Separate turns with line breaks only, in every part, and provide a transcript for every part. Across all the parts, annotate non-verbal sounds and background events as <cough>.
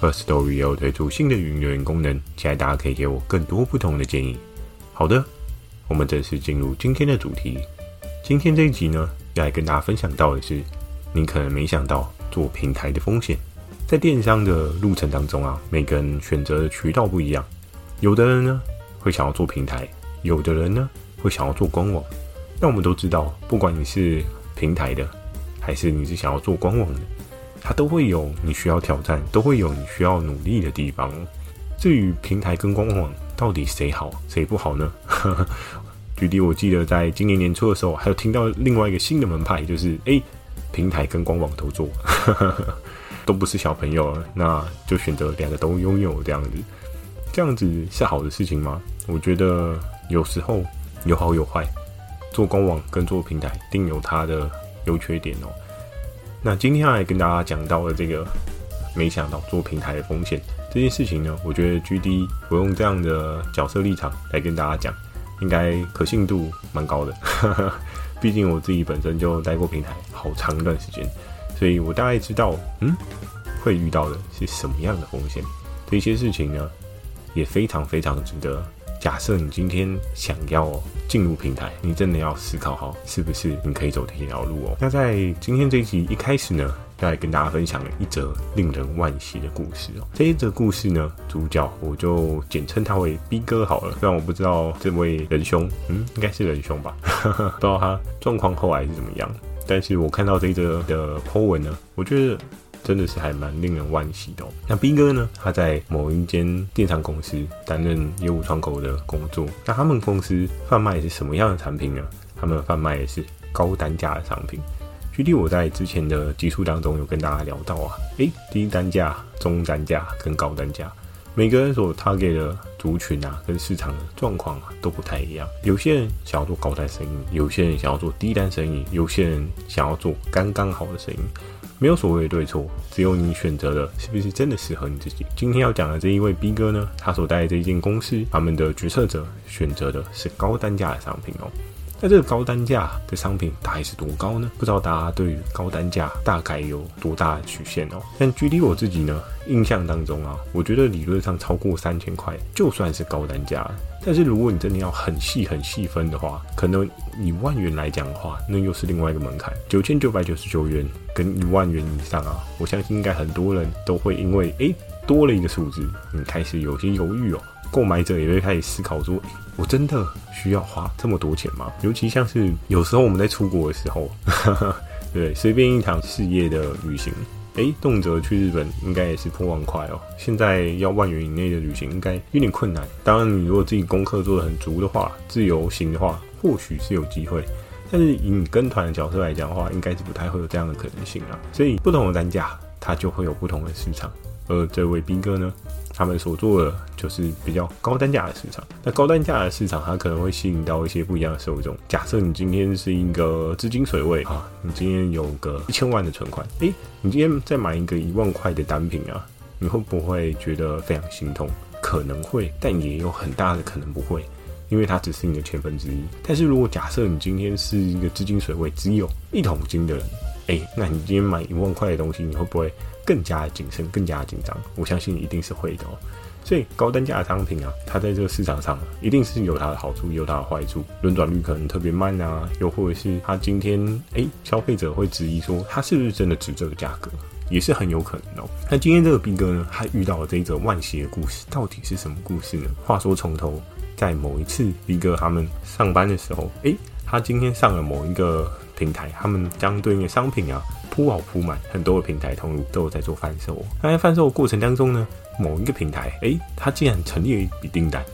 Firstory 也有推出新的語音留言功能，期待大家可以給我更多不同的建議。好的，我們正式進入今天的主題。今天這一集呢，要來跟大家分享到的是，你可能沒想到做平台的風險。在電商的路程當中啊，每個人選擇的渠道不一樣，有的人呢會想要做平台，有的人呢會想要做官網。但我們都知道，不管你是平台的，還是你是想要做官網的，它都會有你需要挑戰，都會有你需要努力的地方。至於平台跟官網到底誰好誰不好呢？舉例，我記得在今年年初的時候，還有聽到另外一個新的門派，就是誒，平台跟官網都做， <laughs> 都不是小朋友了，那就選擇兩個都擁有這樣子，這樣子是好的事情嗎？我覺得有時候有好有壞，做官網跟做平台，一定有它的優缺點哦。那今天來跟大家講到了這個，沒想到做平台的風險這件事情呢，我覺得 GD 我用這樣的角色立場來跟大家講，應該可信度蠻高的， <laughs> 畢竟我自己本身就待過平台好長一段時間，所以我大概知道，嗯，會遇到的是什麼樣的風險，這些事情呢，也非常非常值得。假設你今天想要進入平台，你真的要思考好是不是你可以走這條路哦。那在今天這一集一開始呢，就來跟大家分享了一則令人惋惜的故事哦。這一則故事呢，主角我就簡稱他為 B 哥好了。雖然我不知道這位仁兄，嗯，應該是仁兄吧， <laughs> 不知道他狀況後來是怎麼樣。但是我看到這一則的 po 文呢，我覺得。真的是還蠻令人惋惜的哦。那斌哥呢，他在某一間電商公司擔任業務窗口的工作。那他們公司販賣的是什麼樣的產品呢？他們販賣的是高單價的商品。具體我在之前的集數當中有跟大家聊到啊，誒、欸，低單價、中單價跟高單價，每個人所 target 的族群啊，跟市場的狀況啊都不太一樣。有些人想要做高單生意，有些人想要做低單生意，有些人想要做剛剛好的生意。沒有所謂的對錯，只有你選擇的是不是真的適合你自己。今天要講的這一位 B 哥呢，他所待的這一間公司，他們的決策者選擇的是高單價的商品哦。那這個高單價的商品大概是多高呢？不知道大家對高單價大概有多大的曲線哦、喔？但舉例我自己呢，印象當中啊，我覺得理論上超過三千塊就算是高單價了。但是如果你真的要很細很細分的話，可能以萬元來講的話，那又是另外一個門檻。九千九百九十九元跟一萬元以上啊，我相信應該很多人都會因為誒、欸、多了一個數字，你開始有些猶豫哦、喔。購買者也會開始思考說，欸，我真的需要花這麼多錢嗎？尤其像是有時候我們在出國的時候，哈哈，對，隨便一場事業的旅行，欸，動輒去日本應該也是破萬塊哦。現在要萬元以內的旅行應該有點困難。當然，你如果自己功課做得很足的話，自由行的話或許是有機會。但是以你跟團的角色來講的話，應該是不太會有這樣的可能性啦。所以不同的單價，它就會有不同的市場。而這位兵哥呢，他們所做的就是比較高單價的市場。那高單價的市場，它可能會吸引到一些不一樣的受眾。假設你今天是一個資金水位啊，你今天有個一千萬的存款，哎、欸，你今天再買一個一萬塊的單品啊，你會不會覺得非常心痛？可能會，但也有很大的可能不會，因為它只是你的千分之一。但是如果假設你今天是一個資金水位只有一桶金的人，哎、欸，那你今天買一萬塊的東西，你會不會？更加的謹慎，更加的緊張，我相信一定是會的哦、喔。所以高單價的商品啊，它在這個市場上、啊、一定是有它的好處，也有它的壞處，輪轉率可能特別慢啊，又或者是它今天哎、欸，消費者會質疑說它是不是真的值這個價格，也是很有可能哦、喔。那今天這個斌哥呢，他遇到了這一則惋惜的故事，到底是什麼故事呢？話說從頭，在某一次斌哥他們上班的時候，哎、欸，他今天上了某一個平台，他們相對應的商品啊。鋪好鋪滿，很多的平台，通路都有在做販售。那在販售的過程當中呢，某一個平台，哎、欸，它竟然成立了一筆訂單，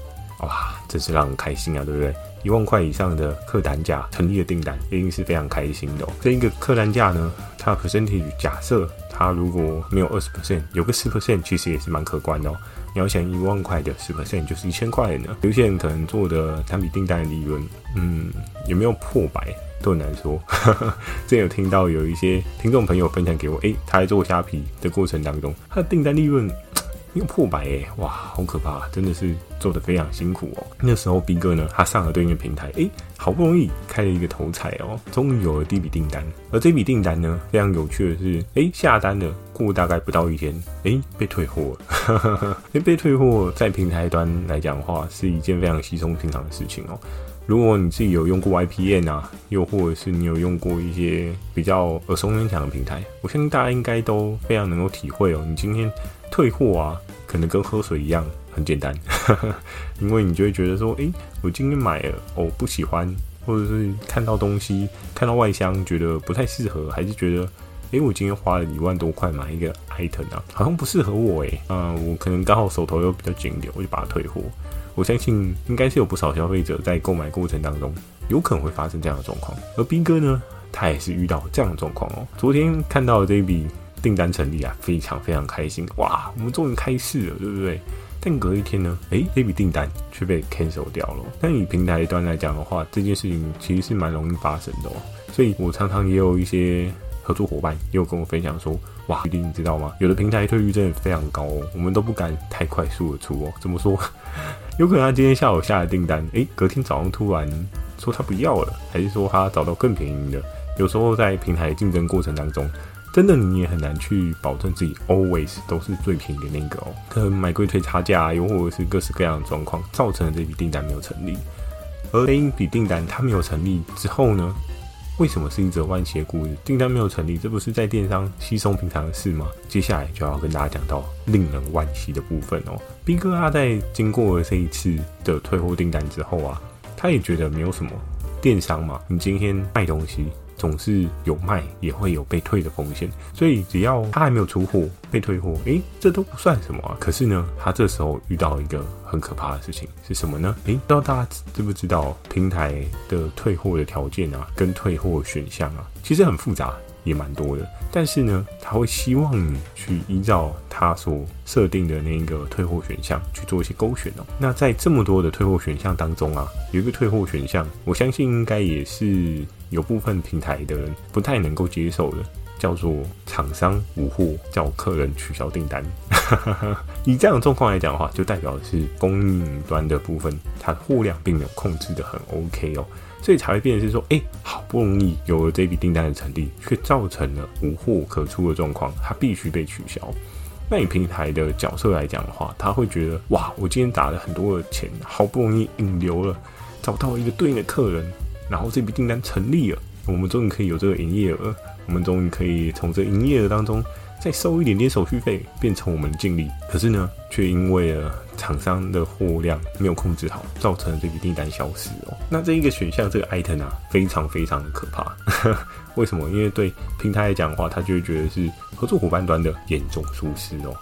哇，真是讓人開心啊，對不對？一萬塊以上的客單價成立的訂單，一定是非常開心的哦。這一個客單價呢，它的 percentage，假設它如果沒有二十%，有個四%，其實也是蠻可觀的哦。你要想一萬塊的十個 percent 就是一千塊呢。有些人可能做的單筆訂單的利潤，嗯，有沒有破百都很難說。哈，哈，之前有聽到有一些聽眾朋友分享給我，誒、欸、他在做蝦皮的過程當中，他的訂單利潤有破百誒，哇，好可怕，真的是做得非常辛苦哦。那時候 b 哥呢，他上了對應的平台，誒、欸、好不容易開了一個頭彩哦，終於有了第一筆訂單。而這筆訂單呢，非常有趣的是，誒、欸、下單了。大概不到一天，哎、欸，被退貨了。因為 <laughs> 被，被退貨在平台端來講的話，是一件非常稀鬆平常的事情哦。如果你自己有用過 i p n 啊，又或者是你有用過一些比較耳熟能詳的平台，我相信大家應該都非常能夠體會哦。你今天退貨啊，可能跟喝水一樣很簡單， <laughs> 因為你就會覺得說，誒、欸，我今天買了，哦，不喜歡，或者是看到東西，看到外箱覺得不太適合，還是覺得。哎，我今天花了一萬多塊買一個 item 啊，好像不適合我誒，嗯，我可能剛好手頭又比較緊一點，我就把它退貨。我相信應該是有不少消費者在購買過程當中，有可能會發生這樣的狀況。而斌哥呢，他也是遇到這樣的狀況哦。昨天看到這一筆訂單成立啊，非常非常開心哇！我們終於開市了，對不對？但隔一天呢，誒，這筆訂單卻被 cancel 掉了。但以平台端來講的話，這件事情其實是蠻容易發生的哦。所以我常常也有一些。合作伙伴也有跟我分享說：“哇，弟弟，你知道嗎？有的平台退率真的非常高哦，我們都不敢太快速的出哦。怎麼說？ <laughs> 有可能他今天下午下了訂單，誒，隔天早上突然說他不要了，還是說他找到更便宜的？有時候在平台競爭過程當中，真的你也很難去保證自己 always 都是最便宜的那個哦。可能買貴退差價，啊，又或者是各式各樣的狀況，造成了這筆訂單沒有成立。而另一筆訂單它沒有成立之後呢？”為什麼是一則惋惜的故事？訂單沒有成立，這不是在電商稀鬆平常的事嗎？接下來就要跟大家講到令人惋惜的部分哦。兵哥啊，在經過這一次的退貨訂單之後啊，他也覺得沒有什麼電商嘛，你今天賣東西。總是有賣，也會有被退的風險，所以只要他還沒有出貨被退貨，哎，這都不算什麼啊。可是呢，他這時候遇到一個很可怕的事情是什麼呢？哎，不知道大家知不知道平台的退貨的條件啊，跟退貨選項啊，其實很複雜。也蠻多的，但是呢，他會希望你去依照他所設定的那個退貨選項去做一些勾選哦。那在這麼多的退貨選項當中啊，有一個退貨選項，我相信應該也是有部分平台的人不太能夠接受的，叫做廠商無貨，叫客人取消訂單。 <laughs> 以這樣的狀況來講的話，就代表的是供應端的部分，它的貨量並沒有控制得很 OK 哦。所以才會變成是說，哎，好不容易有了這筆訂單的成立，卻造成了無貨可出的狀況，它必須被取消。那以平台的角色來講的話，他會覺得，哇，我今天打了很多的錢，好不容易引流了，找到一個對應的客人，然後這筆訂單成立了，我們終於可以有這個營業額，我們終於可以從這營業額當中再收一點點手續費，變成我們的淨利。可是呢，卻因為了廠商的貨量沒有控制好，造成了這筆訂單消失哦。那這一個選項這個 item 啊，非常非常的可怕。 <laughs> 為什麼？因為對平台來講的話，他就會覺得是合作夥伴端的嚴重疏失哦。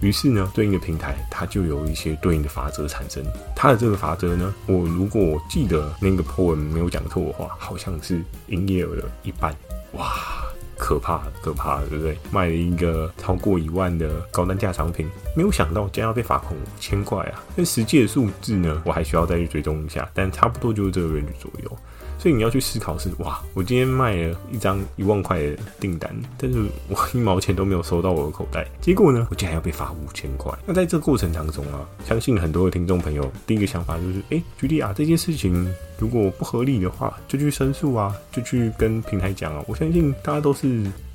於是呢，對應的平台他就有一些對應的法則產生。他的這個法則呢，我如果記得那個 PO 文沒有講錯的話，好像是營業額的一半哇。可怕，可怕，對不對？賣了一個超過一萬的高單價產品，沒有想到竟然要被罰款五千塊啊！但實際的數字呢？我還需要再去追蹤一下，但差不多就是這個位置左右。所以你要去思考是，哇，我今天賣了一張一萬塊的訂單，但是我一毛錢都沒有收到我的口袋，結果呢，我竟然要被罰五千塊。那在這過程當中啊，相信很多的聽眾朋友第一個想法就是，哎、欸，舉例啊，這件事情如果不合理的話，就去申訴啊，就去跟平台講啊。我相信大家都是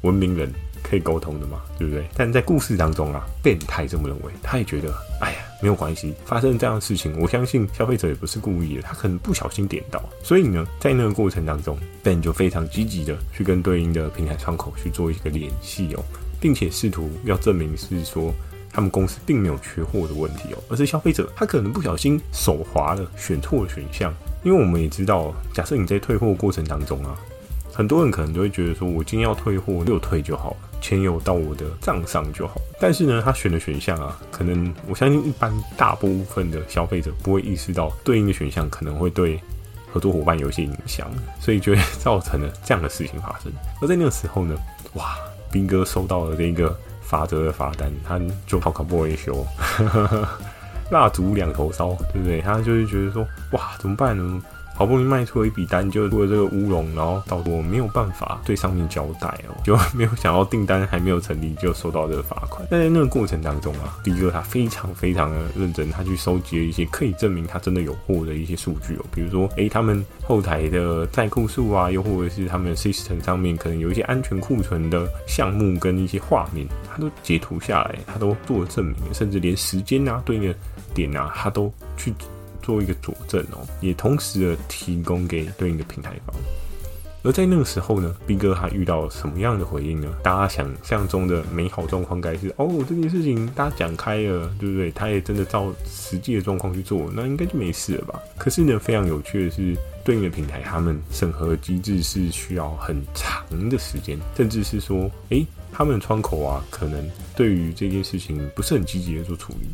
文明人，可以溝通的嘛，對不對？但在故事當中啊，變態這麼認為，他也覺得，哎呀。沒有關係，發生這樣的事情，我相信消費者也不是故意的，他可能不小心點到。所以呢，在那個過程當中，Ben 就非常積極的去跟對應的平台窗口去做一個聯繫哦，並且試圖要證明是說他們公司並沒有缺貨的問題哦，而是消費者他可能不小心手滑了選錯了選項。因為我們也知道，假設你在退貨過程當中啊，很多人可能都會覺得說，我今天要退貨，就退就好了。錢有到我的賬上就好，但是呢，他選的選項啊，可能我相信一般大部分的消費者不會意識到對應的選項可能會對合作夥伴有些影響，所以就會造成了這樣的事情發生。而在那個時候呢，哇，兵哥收到了這個罰則的罰單，他就跑卡布里修，蠟燭兩頭燒，對不對？他就是覺得說，哇，怎麼辦呢？好不容易賣出了一筆單，就出了這個烏龍，然後導致我沒有辦法對上面交代哦、喔，就沒有想到訂單還沒有成立就收到這個罰款。但在那個過程當中啊，迪哥他非常非常的認真，他去收集了一些可以證明他真的有貨的一些數據哦、喔，比如說哎、欸，他們後台的在庫數啊，又或者是他們 system 上面可能有一些安全庫存的項目跟一些畫面，他都截圖下來，他都做了證明，甚至連時間吶、啊、對應的點吶、啊，他都去。作為一個佐證哦，也同時的提供給對應的平台方。而在那個時候呢，斌哥還遇到什麼樣的回應呢？大家想象中的美好狀況該是哦，這件事情大家講開了，對不對？他也真的照實際的狀況去做，那應該就沒事了吧？可是呢，非常有趣的是，對應的平台他們審核機制是需要很長的時間，甚至是說，誒，他們的窗口啊，可能對於這件事情不是很積極的做處理。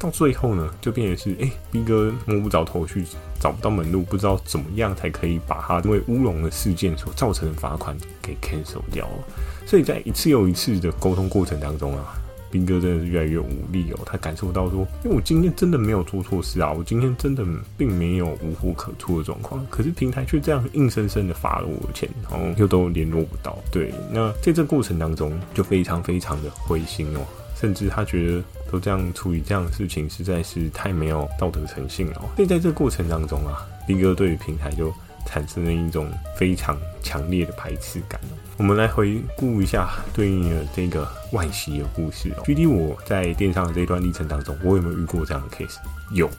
到最後呢，就變成是哎，兵、欸、哥摸不着頭緒，找不到門路，不知道怎麼樣才可以把他因為烏龍的事件所造成的罰款給 cancel 掉了。所以在一次又一次的溝通過程當中啊，兵哥真的是越來越無力哦。他感受到說，因、欸、為我今天真的沒有做錯事啊，我今天真的並沒有無貨可出的狀況，可是平台卻這樣硬生生的罰了我的錢，然、喔、後又都聯絡不到。對，那在這過程當中就非常非常的灰心哦，甚至他覺得。都這樣處理這樣的事情實在是太沒有道德誠信了。所以在這個過程當中啊，斌哥對於平台就產生了一種非常強烈的排斥感，哦。我們來回顧一下對應的這個惋惜的故事哦。舉例我在電商的這段歷程當中，我有沒有遇過這樣的 case？有。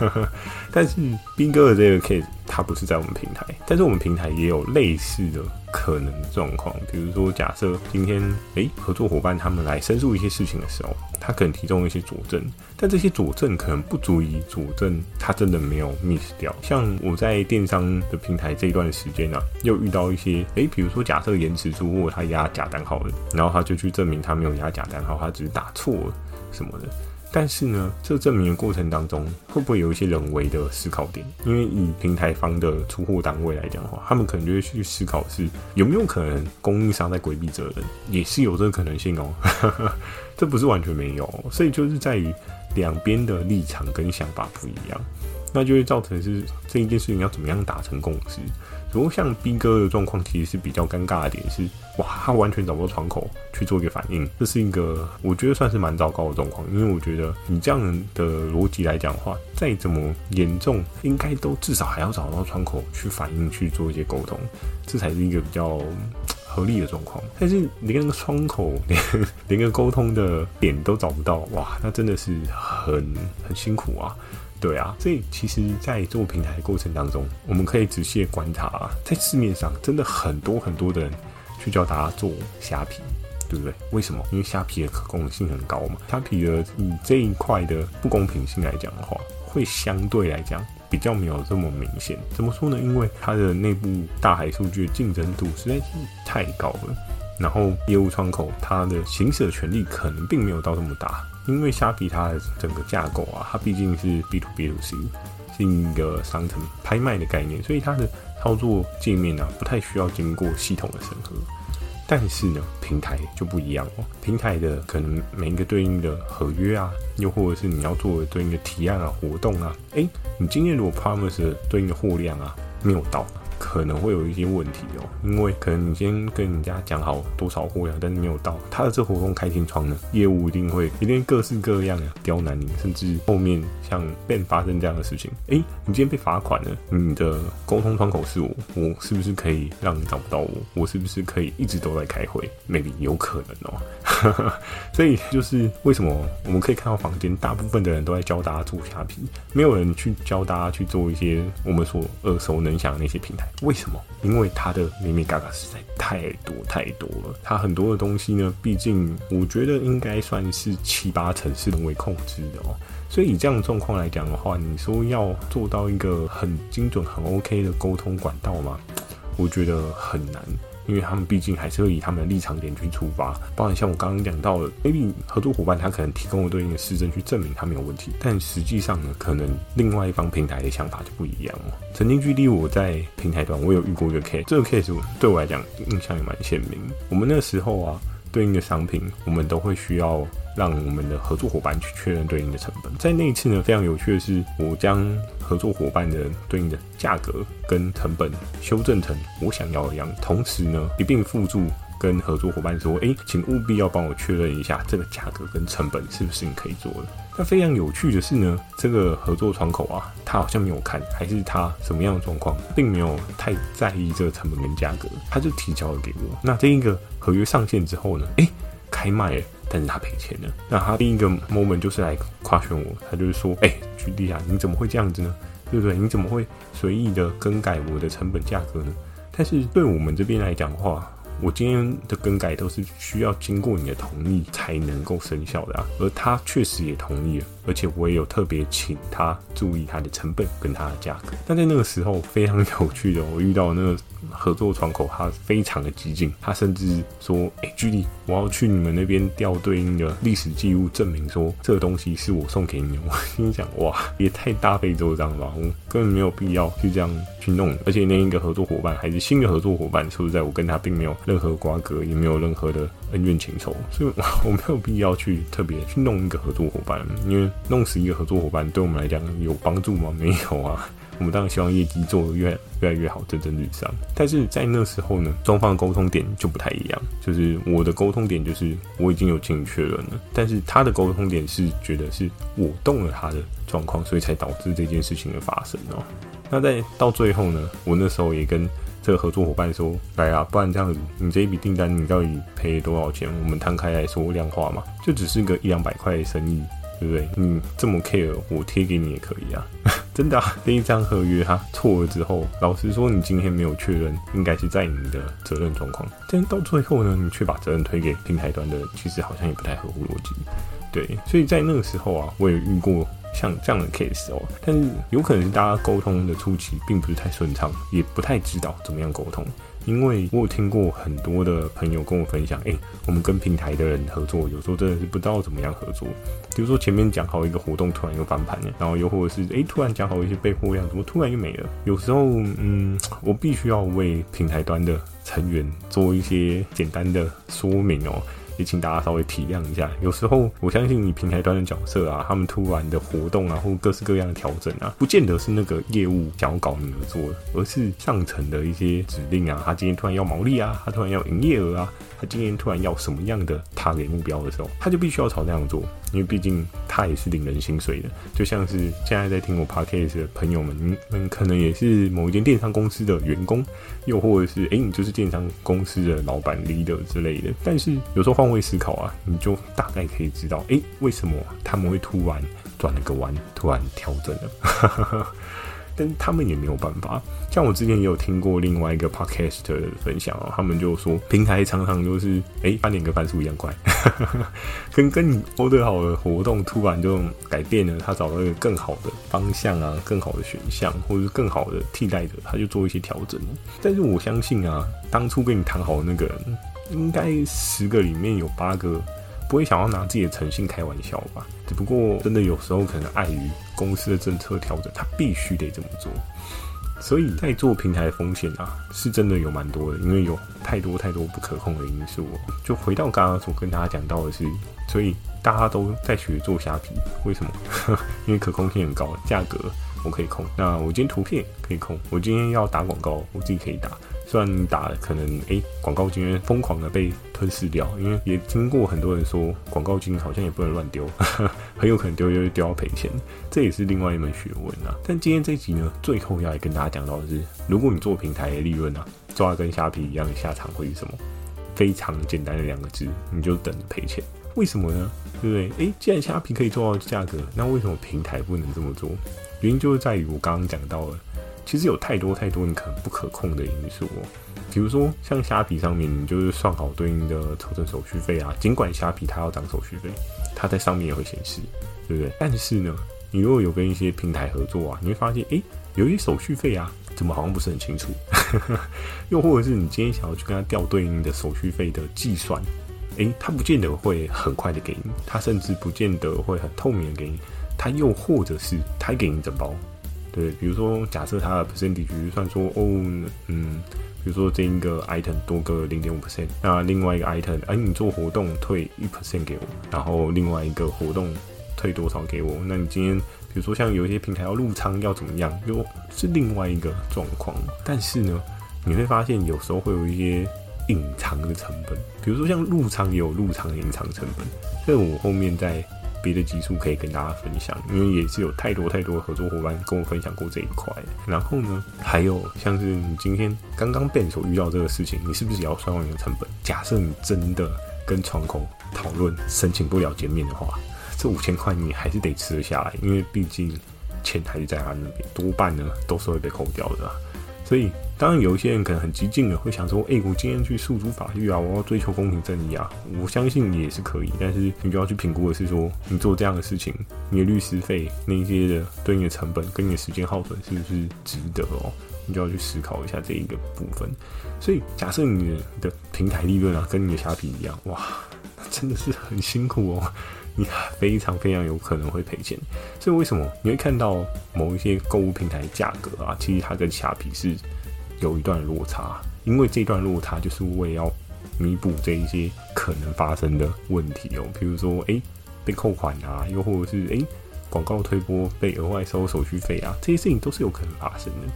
<laughs> 但是斌哥的這個 case，他不是在我們平台，但是我們平台也有類似的。可能狀況，比如說，假設今天，哎、欸，合作夥伴他們來申訴一些事情的時候，他可能提供一些佐證，但這些佐證可能不足以佐證他真的沒有 miss 掉。像我在電商的平台這一段時間啊，又遇到一些，哎、欸，比如說假設延遲出貨，他壓假單號了，然後他就去證明他沒有壓假單號，他只是打錯了什麼的。但是呢，這證明的過程當中，會不會有一些人為的思考點？因為以平台方的出貨單位來講的話，他們可能就會去思考是有沒有可能供應商在規避責任，也是有這個可能性哦， <laughs> 這不是完全沒有哦。所以就是在於兩邊的立場跟想法不一樣，那就會造成是這一件事情要怎麼樣達成共識。如果像斌哥的狀況其實是比較尷尬的點是，哇，他完全找不到窗口去做一個反應，這是一個我覺得算是蠻糟糕的狀況。因為我覺得你這樣的邏輯來講的話，再怎麼嚴重，應該都至少還要找到窗口去反應，去做一些溝通，這才是一個比較合理的狀況。但是連個窗口、連連個溝通的點都找不到，哇，那真的是很很辛苦啊。對啊，所以其實，在做平台的過程當中，我們可以仔細觀察啊，在市面上真的很多很多的人去教大家做蝦皮，對不對？為什麼？因為蝦皮的可控性很高嘛，蝦皮的以這一塊的不公平性來講的話，會相對來講比較沒有這麼明顯。怎麼說呢？因為它的內部大海數據的競爭度實在是太高了，然後業務窗口它的行使的權利可能並沒有到這麼大。因為蝦皮它的整個架構啊，它畢竟是 B to B to C，是一個商城拍賣的概念，所以它的操作界面呢、啊，不太需要經過系統的審核。但是呢，平台就不一樣哦，平台的可能每一個對應的合約啊，又或者是你要做的對應的提案啊、活動啊，哎，你今天如果 Promise 對應的貨量啊，沒有到。可能會有一些問題哦，因為可能你先跟人家講好多少貨呀、啊，但是沒有到他的這活動開天窗呢，業務一定會一定各式各樣啊，刁難你，甚至後面像變發生這樣的事情，哎、欸，你今天被罰款了，你的溝通窗口是我，我是不是可以讓你找不到我？我是不是可以一直都在開會？maybe 有可能哦， <laughs> 所以就是為什麼我們可以看到房間大部分的人都在教大家做蝦皮，沒有人去教大家去做一些我們所耳熟能詳的那些平台。為什麼？因為他的眉眉角角實在太多太多了，他很多的東西呢，畢竟我覺得應該算是七八成是人為控制的哦。所以以這樣的狀況來講的話，你說要做到一個很精準、很 OK 的溝通管道嗎？我覺得很難。因為他們畢竟還是會以他們的立場點去出發，包含像我剛剛講到的，A B 合作夥伴他可能提供了對應的實證，去證明他沒有問題，但實際上呢，可能另外一方平台的想法就不一樣了。曾經距離我在平台端，我有遇過一個 case，這個 case 對我來講印象也蠻鮮明。我們那個時候啊，對應的商品，我們都會需要讓我們的合作夥伴去確認對應的成本。在那一次呢，非常有趣的是，我將合作夥伴的對應的價格跟成本修正成我想要的樣，同時呢，一併附註跟合作夥伴說，哎，請務必要幫我確認一下這個價格跟成本是不是你可以做的。那非常有趣的是呢，這個合作窗口啊，他好像沒有看，還是他什麼樣的狀況，並沒有太在意這個成本跟價格，他就提交了給我。那這一個合約上線之後呢，哎，開賣了。但是他賠錢了，那他另一個 moment 就是來誇炫我，他就是說，哎、欸，舉例啊，你怎麼會這樣子呢？對不對？你怎麼會隨意的更改我的成本價格呢？但是對我們這邊來講的話，我今天的更改都是需要經過你的同意才能夠生效的啊，而他確實也同意了。而且我也有特別請他注意他的成本跟他的價格。但在那個時候非常有趣的，我遇到那個合作窗口，他非常的激進，他甚至說：“誒、欸，GD，我要去你們那邊調對應的歷史記錄，證明說這個東西是我送給你。”我心想：“哇，也太大費周章了，我根本沒有必要去這樣去弄。”而且那一個合作夥伴還是新的合作夥伴，說實在，我跟他並沒有任何瓜葛，也沒有任何的。恩怨情仇，所以我，我沒有必要去特別去弄一個合作夥伴，因為弄死一個合作夥伴對我們來講有幫助嗎？沒有啊。我們當然希望業績做得越越來越好，蒸蒸日上。但是在那時候呢，雙方的溝通點就不太一樣。就是我的溝通點就是我已經有進行確認了，但是他的溝通點是覺得是我動了他的狀況，所以才導致這件事情的發生哦、喔。那在到最後呢，我那時候也跟。這個合作夥伴說：“來啊，不然這樣子，你這一筆訂單你到底賠多少錢？我們攤開來說量化嘛，就只是個一兩百塊的生意，對不對？你這麼 care，我貼給你也可以啊， <laughs> 真的啊，這一張合約哈，錯了之後，老實說，你今天沒有確認，應該是在你的責任狀況。但到最後呢，你卻把責任推給平台端的，其實好像也不太合乎邏輯，對。所以在那個時候啊，我也遇過。”像這樣的 case 哦，但是有可能大家溝通的初期並不是太順暢，也不太知道怎麼樣溝通。因為我有聽過很多的朋友跟我分享，誒、欸，我們跟平台的人合作，有時候真的是不知道怎麼樣合作。比如說前面講好一個活動，突然又翻盤了，然後又或者是誒、欸，突然講好一些備貨量，怎麼突然又沒了？有時候，嗯，我必須要為平台端的成員做一些簡單的說明哦。請大家稍微體諒一下，有時候我相信你平台端的角色啊，他們突然的活動啊，或各式各樣的調整啊，不見得是那個業務想要搞你而做的，而是上層的一些指令啊。他今天突然要毛利啊，他突然要營業額啊，他今天突然要什麼樣的 target 目標的時候，他就必須要朝那樣做，因為畢竟他也是領人薪水的。就像是現在在聽我 podcast 的朋友們，你們可能也是某一間電商公司的員工，又或者是哎、欸，你就是電商公司的老板 leader 之類的。但是有時候換。會思考啊，你就大概可以知道，哎，為什麼他們會突然轉了個彎，突然調整了？ <laughs> 但是他們也沒有辦法。像我之前也有聽過另外一個 Podcast 的分享啊、哦，他們就說平台常常都是，哎，翻臉跟翻書一樣快， <laughs> 跟跟你勾兌好的活動突然就改變了，他找到一個更好的方向啊，更好的選項，或者是更好的替代者，他就做一些調整。但是我相信啊，當初跟你談好的那個。應該十個裡面有八個不會想要拿自己的誠信開玩笑吧？只不過真的有時候可能礙於公司的政策調整，他必須得這麼做。所以在做平台的風險啊，是真的有蠻多的，因為有太多太多不可控的因素。就回到剛剛所跟大家講到的是，所以大家都在學做蝦皮，為什麼？因為可控性很高，價格我可以控，那我今天圖片可以控，我今天要打廣告，我自己可以打。算打了可能誒，廣告金瘋狂的被吞噬掉，因為也聽過很多人說，廣告金好像也不能亂丟，很有可能丟丟丟要賠錢，這也是另外一門學問啊。但今天這一集呢，最後要來跟大家講到的是，如果你做平台的利潤啊，抓跟蝦皮一樣的下場會是什麼？非常簡單的兩個字，你就等賠錢。為什麼呢？對不對？誒、欸，既然蝦皮可以做到價格，那為什麼平台不能這麼做？原因就是在於我剛剛講到了。其實有太多太多你可能不可控的因素哦，比如說像蝦皮上面，你就是算好對應的抽成手續費啊。儘管蝦皮它要漲手續費，它在上面也會顯示，對不對？但是呢，你如果有跟一些平台合作啊，你會發現，哎，有一些手續費啊，怎麼好像不是很清楚，呵呵。又或者是你今天想要去跟它調對應的手續費的計算，哎，它不見得會很快的給你，它甚至不見得會很透明的給你，它又或者是它給你整包。對，比如說，假設它的 percentage 就算說，哦，嗯，比如說這一個 item 多個零點五 percent，那另外一個 item，哎、啊，你做活動退一 percent 給我，然後另外一個活動退多少給我？那你今天，比如說像有一些平台要入倉要怎麼樣，又、就是另外一個狀況。但是呢，你會發現有時候會有一些隱藏的成本，比如說像入倉也有入倉的隱藏成本，所以我後面在。別的技術可以跟大家分享，因為也是有太多太多的合作夥伴跟我分享過這一塊。然後呢，還有像是你今天剛剛變所遇到這個事情，你是不是也要算完你的成本？假設你真的跟窗口討論申請不了減免的話，這五千塊你還是得吃得下來，因為畢竟錢還是在他那邊，多半呢都是會被扣掉的，所以。當然，有一些人可能很激進的，會想說：“哎、欸，我今天去訴諸法律啊，我要追求公平正義啊！”我相信你也是可以，但是你就要去評估的是說，說你做這樣的事情，你的律師費、那些的對你的成本，跟你的時間耗損是不是值得哦？你就要去思考一下這一個部分。所以假設你的，假設你的平台利潤啊，跟你的蝦皮一樣，哇，那真的是很辛苦哦，你非常非常有可能會賠錢。所以，為什麼你會看到某一些購物平台價格啊，其實它跟蝦皮是？有一段落差啊，因為這段落差就是為要彌補這一些可能發生的問題哦，比如說誒、欸、被扣款啊，又或者是誒、欸、廣告推播被額外收手續費啊，這些事情都是有可能發生的。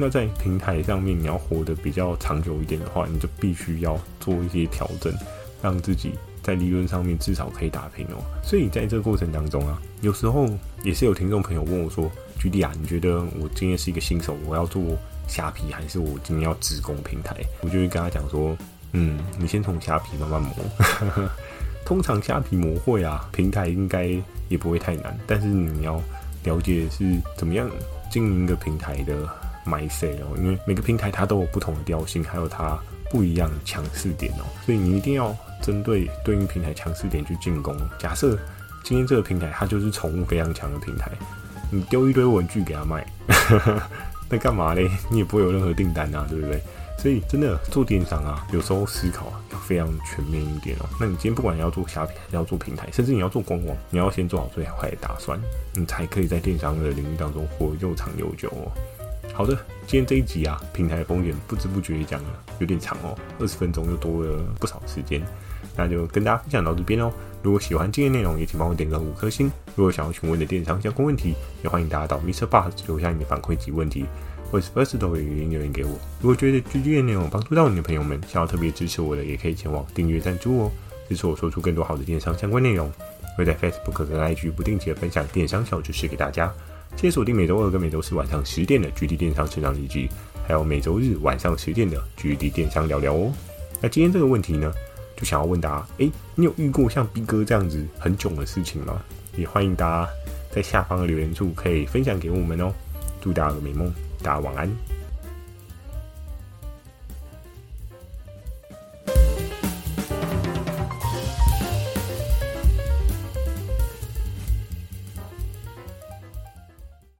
那在平台上面，你要活得比較長久一點的話，你就必須要做一些調整，讓自己在利潤上面至少可以打平哦。所以在這個過程當中啊，有時候也是有聽眾朋友問我說：“GD 啊，你覺得我今天是一個新手，我要做？”蝦皮還是我今天要直攻平台？我就會跟他講說，嗯，你先從蝦皮慢慢磨。 <laughs> 通常蝦皮磨會啊，平台應該也不會太難，但是你要了解是怎麼樣經營一個平台的買誰哦，因為每個平台它都有不同的調性，還有它不一樣的強勢點哦，所以你一定要針對對應平台強勢點去進攻。假設今天這個平台它就是寵物非常強的平台，你丟一堆文具給他賣。 <laughs> 那幹嘛嘞？你也不會有任何訂單啊，對不對？所以真的做電商啊，有時候思考啊，要非常全面一點哦、喔。那你今天不管要做蝦皮，要做平台，甚至你要做官網，你要先做好最壞的打算，你才可以在電商的領域當中活又長又久哦。好的，今天這一集啊，平台的風險不知不覺講了有點長哦、喔，二十分鐘又多了不少時間。那就跟大家分享到這邊哦。如果喜歡今天內容，也請幫我點個五顆星。如果想要詢問的電商相關問題，也歡迎大家到 Mr. Bus 留下你的反饋及問題，或是 Firstory 語音留言給我。如果覺得 GD 的內容幫助到你的朋友們，想要特別支持我的，也可以前往訂閱贊助哦，支持我說出更多好的電商相關內容。會在 Facebook 跟 IG 不定期的分享的電商小知識給大家。記得鎖定每周二跟每周四晚上十點的《GD 電商成長日記》，還有每周日晚上十點的《GD 電商聊聊》哦。那今天這個問題呢？就想要問大家，哎、欸，你有遇過像逼哥這樣子很囧的事情嗎？也歡迎大家在下方的留言處可以分享給我們哦。祝大家有個美夢，大家晚安。